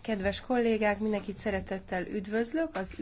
Kedves kollégák, mindenkit szeretettel üdvözlök. Az